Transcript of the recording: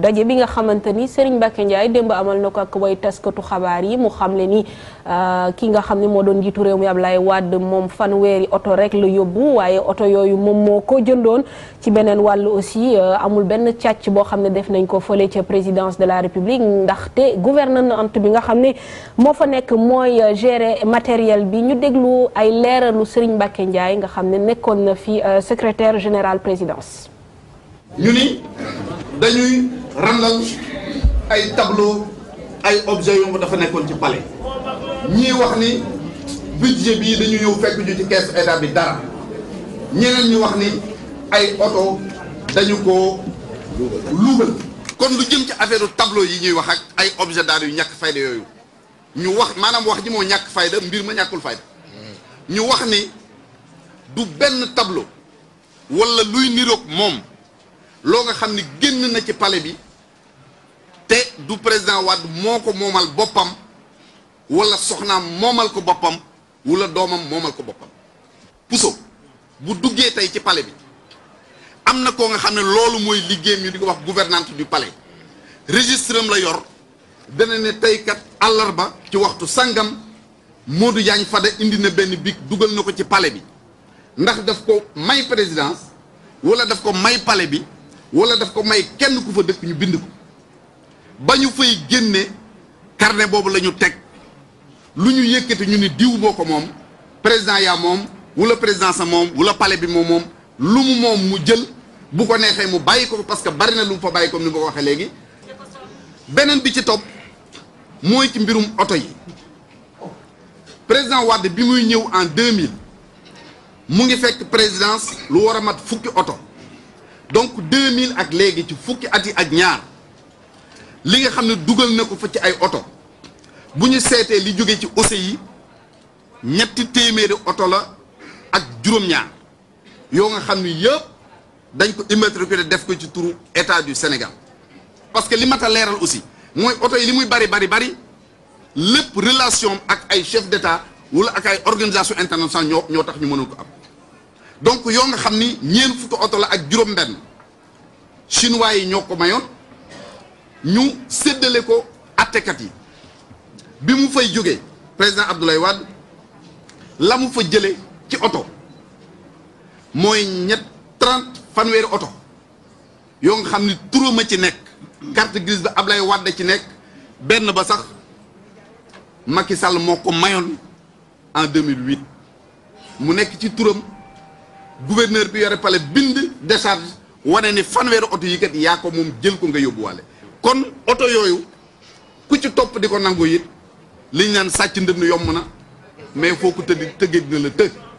daje bi nga xamante ni Serigne Mbacké Ndiaye démb amal na ko ak way taskatu xabaar yi mu xamle ni euh, ki nga xam ne moo doon jiitu réew mi Ablaye Wade moom fanweeri oto rek la yóbbu waaye oto yooyu moom moo ko jëndoon ci beneen wàll aussi euh, amul benn càcc boo xam ne def nañ ko fële ca présidence de la république ndaxte gouvernante bi nga xam ne moo fa nekk mooy gérer matériel bi ñu déglu ay leeralu Serigne Mbacké Ndiaye nga xam ne nekkoon na fi euh, secretaire général présidence dañuy randal ay tableau ay objet yomb dafa nekkoon ci palais ñii wax ni budget yi dañu ñëw fekk ñu ci keesu état bi dara ñeneen ñu wax ni ay oto dañu ko luubal kon lu jëm ci affaire tablo yi ñuy wax ak ay objet daal yu ñàkk fayda yooyu ñu wax maanaam wax ji moo ñàkk fayda mbir ma ñàkkul fayda ñu wax ni du benn tablo walla luy niroog moom loo nga xam ne génn na ci pale bi te du président wadd moo ko moomal boppam wala soxnaam moomal ko boppam wala doomam moomal ko boppam puso bu duggee tey ci pale bi am na ko nga xam ne loolu mooy liggéeyam ñu di ko wax gouvernante du palais registre la yor dana ne teykat kat àllarba ci waxtu sangam Modou Diagne Fada indi na benn bic dugal na ko ci pale bi ndax daf ko may présidence wala daf ko may pale bi wala daf ko may kenn ku fa dëkk ñu bind ko ba ñu fay génne karne boobu la ñu teg lu ñu yëkkati ñu ni diw boo ko moom président yaa moom wala président sa moom wala pale bi moom moom lu mu moom mu jël bu ko neexee mu bàyyi ko parce que bari na lu mu fa bàyyi comme ni nga ko waxee léegi beneen bi ci topp mooy ci mbirum oto yi président wadd bi muy ñëw en 2000 mu ngi fekk présidence lu war a mat fukki oto donc 2000 ak léegi ci fukki at yi ak ñaar li nga xam ne dugal na ko fa ci ay oto bu ñu seetee li jóge ci ose yi ñetti téeméeri oto la ak juróom-ñaar yoo nga xam ni yëpp dañ ko immatriculé def ko ci turu état du Sénégal parce que li mat a leeral aussi mooy oto yi li muy bari bari bari lépp relation ak ay chef d'état wala ak ay organisation internationale ñoo ñoo tax ñu mënul ko am donc yoo nga xam ni ñeent fukki oto la ak juróom-benn chinois yi ñoo ko mayoon ñu séddale ko atekat yi bi mu fay jóge président Abdoulaye Wade la mu fa jële ci oto mooy ñett trente fanweeri oto yoo nga xam ni turam a ci nekk carte grise bi Abdoulaye Wade ci nekk benn ba sax Macky Sall moo ko mayoon en 2008 mu nekk ci turam. gouverneur bi yore pale bind décharge wane ni fanweeri oto yi yaa ko moom jël ko nga yóbbuwaale kon oto yooyu ku ci topp di ko nangu it liñ naan sàcc ndënd yomb na mais foo ko tëddi tëggee dina la tëgg